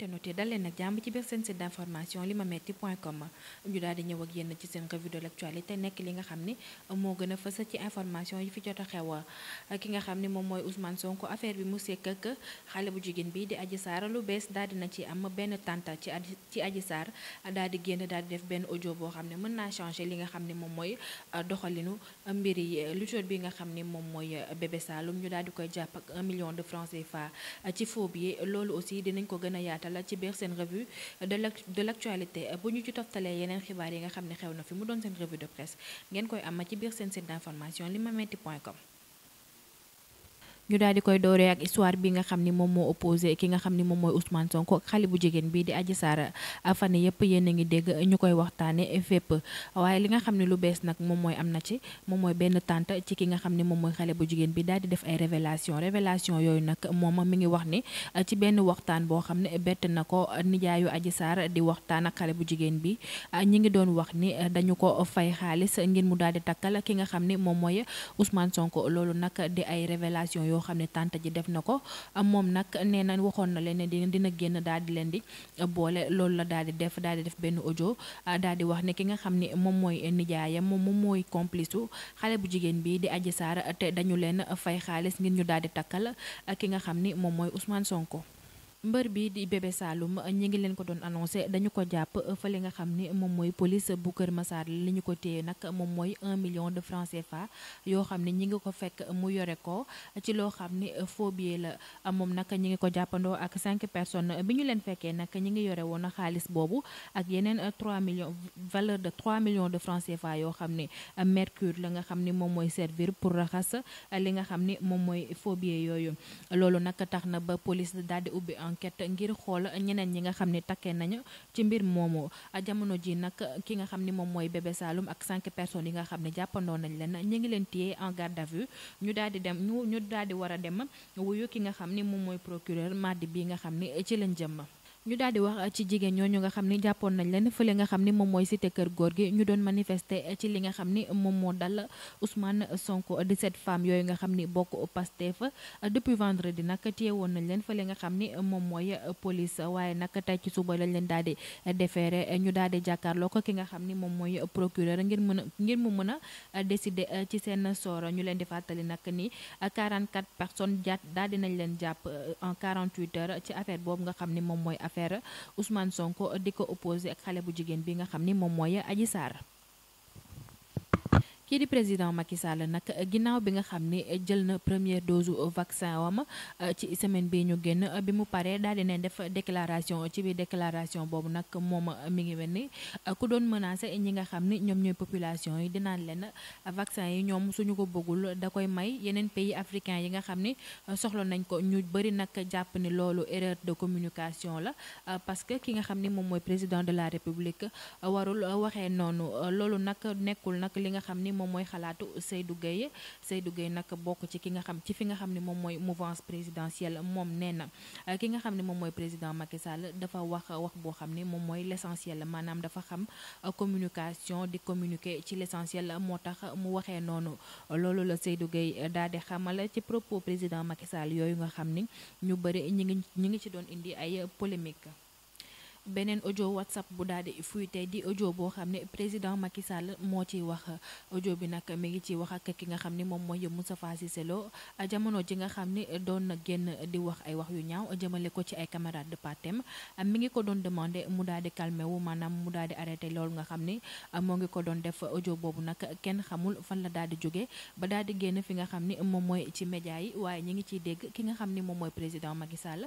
internet yi daleen ak jàmm ci biir seen site d'information limametti point com ñu daal di ñëw ak yénn ci seen revue de l'actualité nekk li nga xam ni yi fi jot a xew ki nga xam moom mooy Ousmane Sonko affaire bi mu sekk xale bu jigéen bi di Adji Sarr lu bees daal dina ci am benn tànta ci ci Adji Sarr di génn daal di def benn audio boo xam ne mën naa changer li nga xam ni moom mooy euh, doxalinu mbir yi lutteur bi nga xam ni moom mooy euh, Bébé Saloum ñu daal di koy jàpp ak 1 million de francs CFA ci faux bi loolu a la ci biir seen revue de l' de bu ñu ci toftalee yeneen xibaar yi nga xam ne xew na fi mu doon seen revue de presse ngeen koy am ci biir seen site d' information limametti point com ñu daal di koy dooree ak histoire bi nga xam ni moom moo opposé ki nga xam ni moom mooy Ousmane Sonko ak bu jigéen bi di Adji Sarr ah, fan yëpp yéen a ngi dégg ñu koy waxtaane fépp waaye li nga xam ne lu bees nag moom mooy am na ci moom mooy benn tante ci ki nga xam ne moom mooy xale bu jigéen bi daal di ay révélation révélation yooyu nag moom mi ngi wax ni ah, ci benn waxtaan boo xam ne bett na ko nijaayu Adji Sarr di waxtaan ak xale bu jigéen bi ah, ñi ngi doon wax ni dañu ko fay xaalis ngir mu daal di takkal ki nga xam ne moom mooy Ousmane Sonko loolu nag di ay révélation yoo yoo xam ne tante ji def na ko moom nag nee na waxoon na leen ne dina génn daal di leen di boole loolu la daal di def daal di def benn audio daal di wax ne ki nga xam ne moom mooy nijaayam moom mooy complice u xale bu jigéen bi di aji Sarr te dañu leen fay xaalis ngir ñu daal di takkal ki nga xam ni moom mooy usmaan Sonko mbër bi di Bébé ñi ngi leen ko doon annoncé dañu ko jàpp euh, li nga xam ni moom mooy police bu Kër Massar li ñu ko téye nag moom mooy 1 million de francs CFA yoo xam ne ñi ngi ko fekk mu yore ko ci loo xam ni faux euh, la moom nag ñi ngi ko jàppandoo ak 5 personnes bi ñu leen fekkee nag ñi ngi yore woon xaalis boobu ak yeneen 3 euh, millions valeur de 3 millions de francs CFA yoo xam ne mercure la nga xam ni moom mooy servir pour raxas li xam ni moom mooy faux yooyu loolu nag tax na ba police daal ubbi enquête ngir xool ñeneen ñi nga xam ne takkee nañu ci mbir moomu jamono ji nag ki nga xam ni moom mooy bébé Saloum ak cinq personnes yi nga xam ne jàppandoo nañ leen ñu ngi leen téye en garde à vue ñu daal di dem ñu daal di war a dem wuyu ki nga xam ni moom mooy procureur mardi bi nga xam ni ci lañ jëm ñu daal di wax uh, ci jigéen ñooñu nga xam ni jàppoon nañ leen fële nga xam ni moom mooy cité kër góor gi ñu doon manifester uh, ci li nga xam ni moom moo dal Ousmane Sonko 17 uh, femmes yooyu nga xam ni bokk Pastef depuis vendredi nag téyewoon nañ leen fële nga xam ni moom mooy police waaye nag tey ci suba lañ leen daal di déféré ñu daal di jàkkaarloo ko ki nga xam ni moom mooy procureur ngir mën a ngir mu mën a décider ci seen sor ñu leen di fàttali nag ni 44 personnes daal di nañ leen jàpp en 48 heures ci affaire boobu nga xam ni moom mooy affaire Ousmane Sonko di ko opposé ak xale bu jigéen bi nga xam ni moom mooy aji Sarr kii di président Macky Sall nag ginnaaw bi nga xam ne jël na première dose vaccin wam ci semaine bi ñu génn bi mu paree daal di ne def déclaration ci biir déclaration boobu nag moom ma mi ngi mel ni ku doon menacer ñi nga xam ni ñoom ñooy population yi dinaan leen vaccin yi ñoom suñu ko bëggul da koy may yeneen pays africains yi nga xam ni soxla nañ ko ñu bëri nag jàpp ni loolu erreur de communication la parce que ki nga xam ni moom mooy président de la république warul waxee noonu moom mooy xalaatu Seydou Gueye Seydou Gueye nag bokk ci ki nga xam ci fi nga xam ne moom mooy mouvance présidentielle moom nee na euh, ki nga xam ne moom mooy président Macky Sall dafa wax wax boo xam ni moom mooy l'essentiel maanaam dafa xam euh, communication di communiquer ci l'essentiel moo tax mu waxee noonu loolu la Seydou Gueye euh, daal di xamal ci propos président Macky Sall yooyu nga xam ni ñu bëri ñi ngi ñi ngi ci doon indi ay polémique beneen audio whatsapp bu daal di fuité di audio boo xam ne président Macky Sall moo ciy wax audio bi nag mi ngi ciy wax ak ki nga xam ni moom mooy Moustapha Cissé Lo jamono ji nga xam ni doon na génn di wax ay wax yu ñaaw jëmale ko ci ay camarades de partem mi ngi ko doon demandé mu daal di calmé wu maanaam mu daal di arrêté loolu nga xam ni moo ngi ko doon def audio boobu nag kenn xamul fan la daal di jóge ba daal di génn fi nga xam ni moom mooy ci média yi waaye ñi ngi ciy dégg ki nga xam ni moom mooy président Macky Sall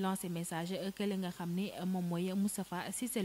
lancé message kële nga xam ni moom mooy Moustapha Cissé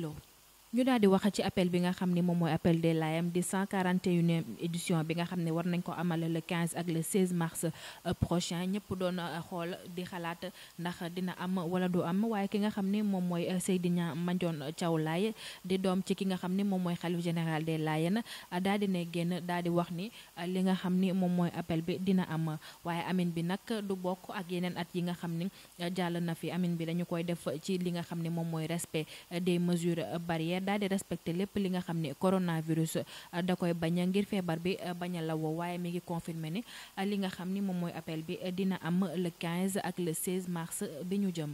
ñu daal di wax ci appel bi nga xam ni moom mooy appel des layam di 141e édition bi nga xam ne war nañ ko amal le 15 ak le 16 mars euh, prochain ñëpp doon euh, xool di xalaat ndax dina am wala du am waaye ki nga xam ne moom mooy euh, Seydina Mandione Thiaw Laye di doom ci ki nga xam ne moom mooy xalif général des Layènes daal di génn daal di wax ni li nga xam ni moom mooy appel bi dina am waaye amin bi nag du bokk ak yeneen at yi nga xam ni jàll na fi amin bi dañu koy def ci li nga xam ne moom mooy respect des mesures barrières daal di respecté lépp li nga xam ne coronavirus euh, da koy bañ ngir feebar bi euh, bañ a lawoo waaye mi ngi confirmé ni euh, li nga xam ni moom mooy appel bi dina am le 15 ak le 16 mars bi ñu jëm.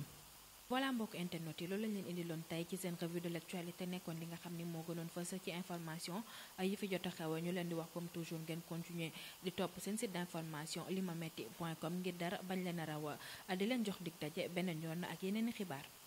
wala mbokk internet yi loolu lañ leen indiloon tey ci seen revue de l'actualité nekkoon li nga xam ni moo gënoon fës ci information yi fi jot a xew ñu leen di wax comme toujours ngeen continuer di topp seen site d'information limametti point com ngir dara bañ leen a raw di leen jox dig daje beneen yoon ak yeneen i xibaar.